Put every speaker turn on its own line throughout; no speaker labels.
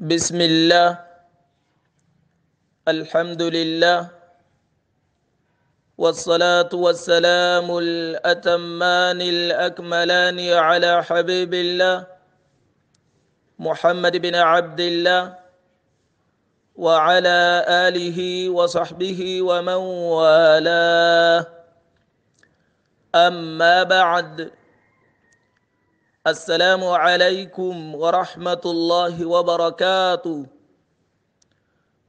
بسم الله الحمد لله والصلاة والسلام الأتمان الأكملان على حبيب الله محمد بن عبد الله وعلى آله وصحبه ومن والاه أما بعد السلام عليكم ورحمة الله وبركاته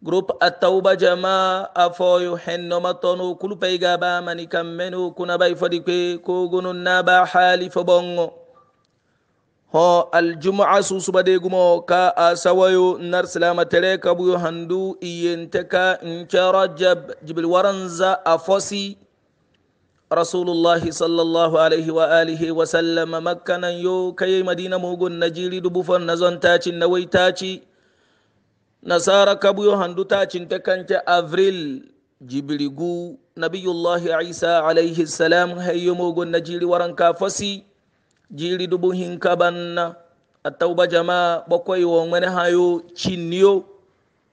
جروب التوبة جماعة أفوي حنما تنو كل بيجابا من كمنو كنا بيفديك كوغن النبا حالي فبعو ho الجمعة susubade gumo ka a sawayo nar silama tere kabuyo handu iyente ka nke rajab rasulullahi sallallahu alaihi wa alihi wa sallama makkanan yo kai madina mugun na jiri dubu fan na zon na wai taci nasara kabu yo handu tacin ta kanke avril jibrigu nabiyullahi isa alaihi salam hayyo mugun na jiri waran kafasi jiri dubu hin kabanna attauba jama'a bakwai wa mani hayo cinniyo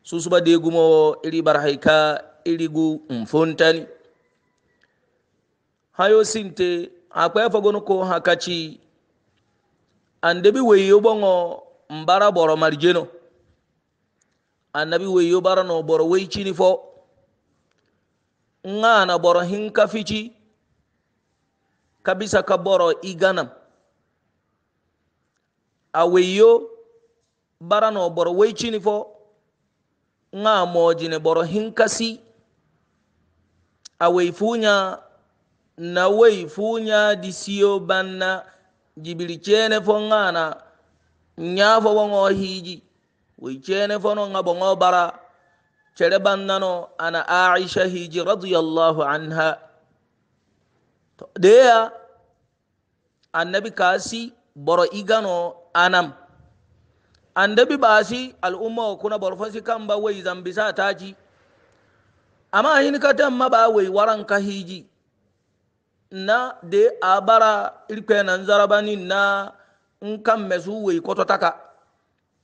su su ba de gumo iri barhaika iri gu mfuntani ha si nte akpa efogonuku ha kachi andebi weyo bongo mbara boro marjeno annabi weyo bara no boro wei chinifo fo na boro hinka fici kabisa ka boro iganam a weyo bara no boro wey chini fo nga mojine boro hinkasi a wey funya Na nawai funya disiyo banna jibiri cene fo nya nyafo woŋo hiji wai cene fono ŋa boŋo bara cere bannano ana aisha hiji radiyallahu anha to deya annabi kasi boro igano anam annabi basi al'umma kuna boro fasi kamba wai zambisa taji amma hin kadan ma ba wai waran ka hiji na de a bara irikpe na nzaraba ni na nka mmesu wei kototaka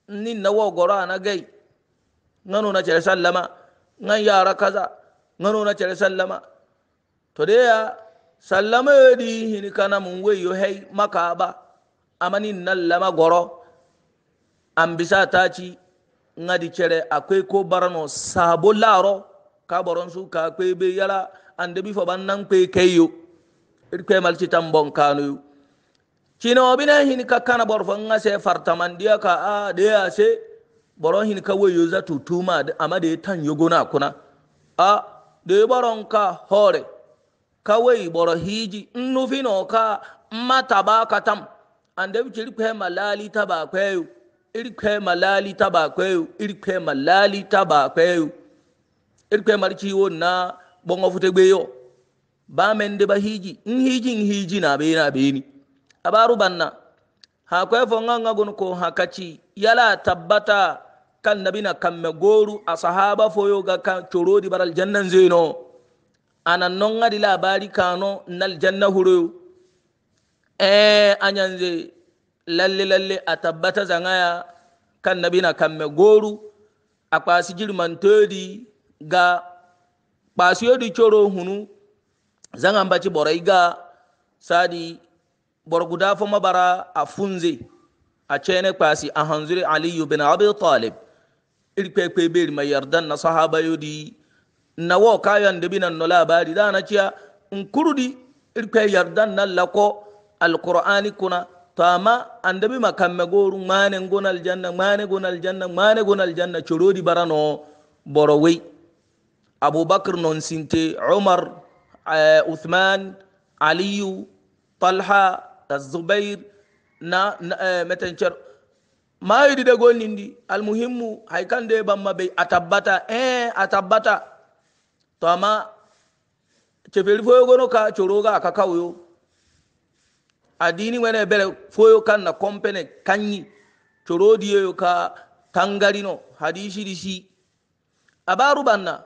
ni na wa goro ana gai ngano na cere sallama ngan yara kaza ngano na cere sallama to de ya sallama yodi e hini kana mun wei yo hei maka ba amani na lama goro an bisa ta ci cere akwai ko barano sabo laro ka boron su ka kwe be yala an da ban nan kwe yo. kwemal citan bonkanu kino bina hin ka kana borfo nga se fartaman dia ka a ah, de ya se boro hin ka wayo za tutuma amma de tan yogona kuna a de boron ka hore ka wai boro hiji nnufi no ka mata ba ka tam ande bi kiri kwe malali ta ba kweyo iri kwe malali ta ba kweyo iri kwe malali ta ba kweyo iri kwe marci won na bongo fute gbeyo bamen de ba hiji in hiji in hiji na be na be ni abaru banna ha ko fo nganga gon ko ha kachi yala tabbata kan nabina kamme goru asahaba fo yo ga kan chorodi baral jannan zeno anan non ngadi la bari kano nal janna huru e anyan ze lalle lalle atabbata zangaya kan nabina kamme goru akwasi jirman todi ga kpaasiyodi coro hunu zan ambaci borai ga sadi guda fo mabara a funze a cene kwasi a hanzuri aliyu bin abi talib irkpekpe beri mai yardan na sahaba yodi na wo kayan da binan no labari da na ciya in kurdi irkpe yardan na lako alqur'ani kuna to amma andabi makamme goru mane gonal janna mane gonal janna mane gonal janna corodi barano borowei abubakar non sinte umar Uthman, Aliyu, Talha, Zubair na, na matanciyar mayidi da di almuhimmu haikan da ya ban mabai a tabbata eh a tabbata to amma cefeli foyo gono ka coro ga aka kawo addini wani foyo kan na kompene kanyi coro yo ka tangarino hadisi disi abaru banna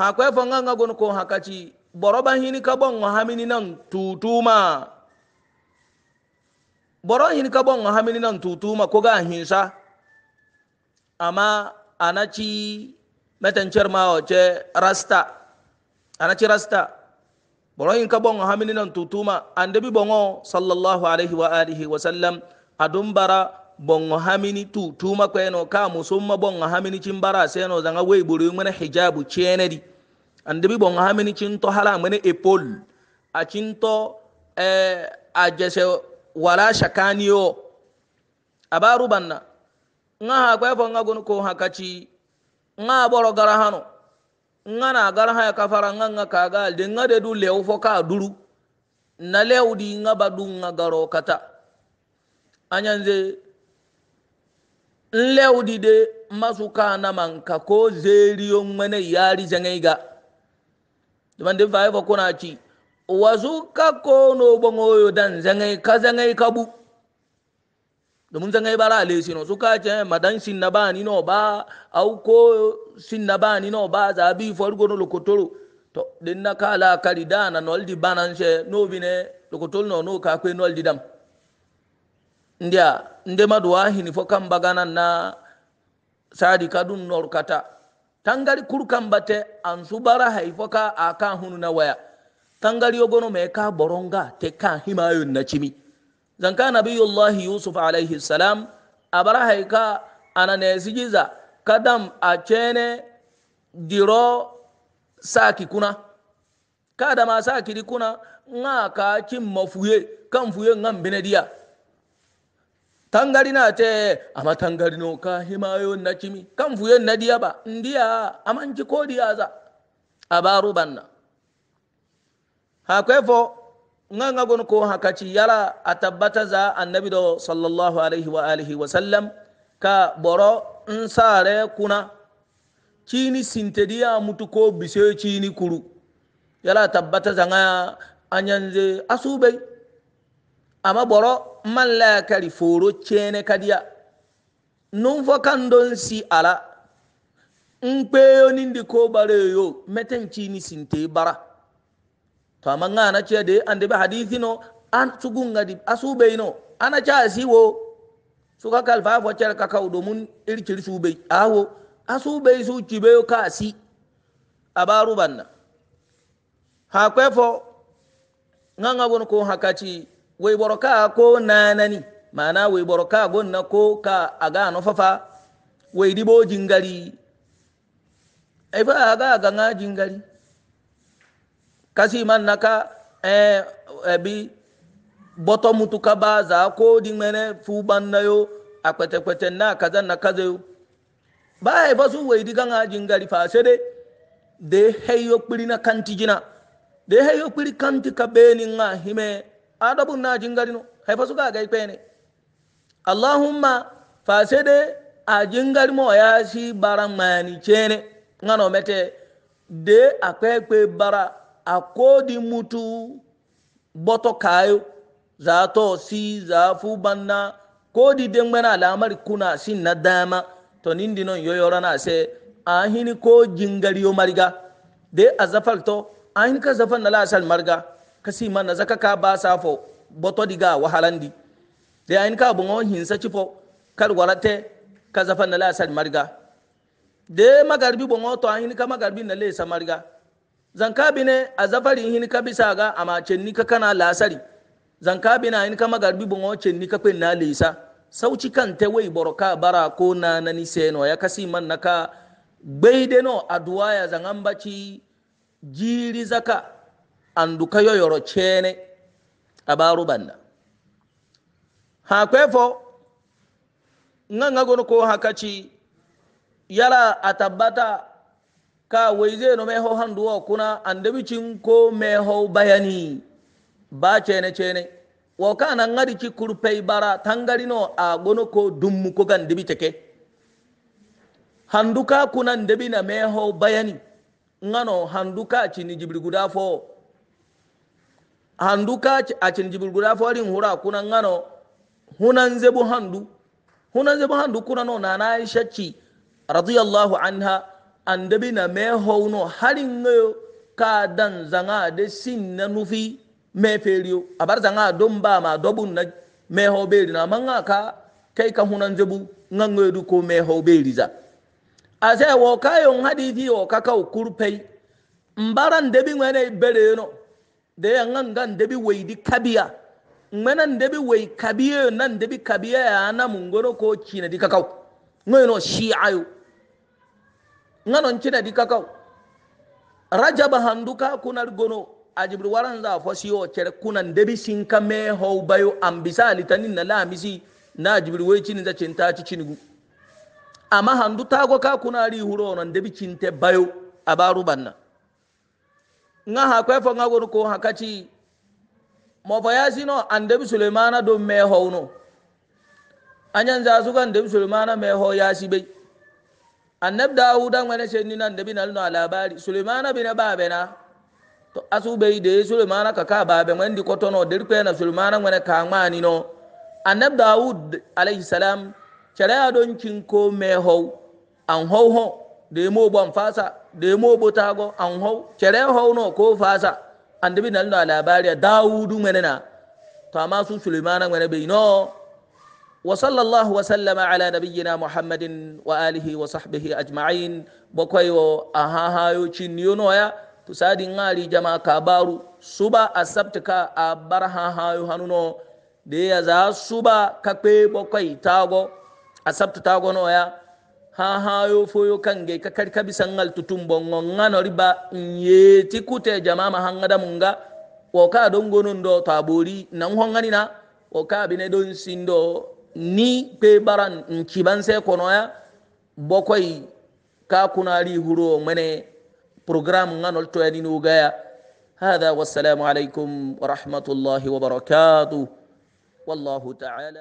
ha kwe fanga nga gon ko hakachi boroba hini kabon hamini nan tutuma boro hini kabon hamini nan tutuma ko ga hinsa amma anachi metancer ma oce rasta anachi rasta boro hini kabon hamini nan tutuma andabi bongo sallallahu alaihi wa alihi wa sallam adumbara bongo hamini tu tuma eno ka musumma bongo hamini cin bara seno zanga wey buru mana hijabu chenedi bi bongo hamini cin to hala mana epol a cin to eh, a jese wala shakaniyo abaru banna nga ha kwefo nga gunu ko hakaci nga boro gara hano nga na gara ha fara nga nga ga de nga de du lew fo ka duru na lew di nga badu nga garo kata anyanze lewdi de masuka na manka ko zeriyon mene yari zangai ga daban din fa fa kuna ci wasu ka ko no bangoyo dan zangai ka zangai ka bu domin zangai bara ale sino suka ce madan sin na ba ni no ba au ko sin na ba ni no ba za bi forgo no lokotoro to din na kala kari dana noldi banan she no bine lokotol no no ka kwe noldi dam ndia ndemadu wahini fo kam bagana na sadi kadun norkata tangari kuru kambate ansu bara haifo a aka hunu na waya tangari yogono me ka boronga te ka himayo na chimi zanka nabiyullahi yusuf alaihi salam abara haika ananesijiza kadam achene diro saki kuna kadama saki kuna nga ka chimma mafuye kan fuye ngam benediya tangarina te ama tangarino ka himayo nacimi kam fuyo nadiya ba ndiya amanci kodiyaza abaru banna hakwe fo nga nga gon ko hakaci yala atabbata za annabi do sallallahu alaihi wa alihi wa sallam ka boro nsare kuna cini sintediya mutu ko bise cini kuru yala tabbata za nga anyanze asube ama boro malla kari foro cene kadiya nun don si ala n kpeyo nindi ko yo meten ni sinte bara to amma na ce de ande be hadithi no an sugunga di asube no ana cha asiwo suka kalfa fo cer ka kaw mun irkir sube awo asube su cibe ka asi abaru banna ha kwefo nganga bon ko hakati wai boroka ko nanani mana wai boroka gonna ko ka aga no fafa wai dibo jingari ai fa aga aga nga jingari kasi man naka eh bi boto mutuka ba za ko dingmene fu bannayo akwete kwete na kaza na kaza yo ba ai ba su wai di ganga jingari fa sede de heyo kpiri na kanti jina de heyo kpiri kanti ka beni nga hime adabun na jingarino haifa suka ga ikpe ne allahumma fasede a jingar mo ya shi bara mani ne ngano mete de akpekpe bara akodi mutu boto kayo za to si za fu banna kodi dengmena alamar kuna sin na dama to nindi non yoyora na se ahini ko jingari yo mariga de azafal to ahin ka zafan na lasal marga kasi mana zaka ka ba sa fo boto diga wahalandi de ayin ka bungo hinsa chifo kar warate ka zafa na la san marga de magarbi bungo to ayin ka magarbi na le sa marga zanka bine a zafari hin ka bisa ga ama cenni ka kana lasari zanka bine ayin ka magarbi bungo cenni ka pe na lisa sauci kan te wai boroka bara ko na nani seno ya kasi man naka gbeide no aduwa ya zangan jiri zaka anduka yoyoro cene abaru banna ha kwefo nganga gono ko hakaci yala atabbata ka waize no meho handuwa kuna andabicin ko meho bayani ba cene cene wo kana ngari ki kurpei bara no a gono ko dummu ko gandibi teke handuka kuna ndebi na meho bayani ngano handuka chini jibri guda fo k'a a cinjibir guda farin hura kunan ngano hunan zebu handu hunan zebu handu kuna no na na shacci radiyallahu anha andabi na me hono harin ngayo ka dan zanga de sin na nufi me feriyo abar zanga don ba ma dobun na me ho beri na manga ka kai ka hunan zebu ngango du ko me ho beri za ase wo kayon hadithi o kakau kurpai mbaran debi ngene bere no da yan an gan ndebi wai di kabiya menan dabi wai kabiya nan dabi kabiya ya na mun ko kina di kakau ngoyno shi ayo nganon kina di kakau rajaba handuka kunar gono ajibir waran za o kere kunan ndebi sinka me hau bayo ambisa litanin na lamisi na ajibir wai cinin za cinta ci cinigu amma handu tago ka kunari huro nan dabi cinte bayo a banna nga ha kwe fo nga gonu ko hakati mo fa ya sino andem sulemana do me hono anyan za su kan dem sulemana me ho ya sibe annab daud an wala shenni nan dabin al no ala bari sulemana bin babe na to asu be de sulemana ka ka babe men di koto no dir pena sulemana ngene ka ngani no annab daud alayhi salam chara don kin ko me ho an ho ho de mo bon fasa demo botago an hau kere hau no ko fasa an dabi nan da labari dawudu mene na to amma su sulaiman mene bai no wa sallallahu wa sallama ala nabiyyina muhammadin wa alihi wa sahbihi ajma'in bakwai wa aha hayo cin yo no ya to sadi ngari jama baru suba asabtaka a bar ha hayo hanuno de ya za suba kakpe bakwai tago asabtu tago no ya ha ha yo fo yo kange ka kadi kabisa ngal tutumbongo ngano riba nyeti kute jamama hangada munga ka don gonon do tabori nan hongani na woka bine don sindo ni pe baran nkiban se kono ya bokoi ka kuna ri huro mene program ngano to yani no gaya هذا والسلام عليكم ورحمه الله وبركاته والله تعالى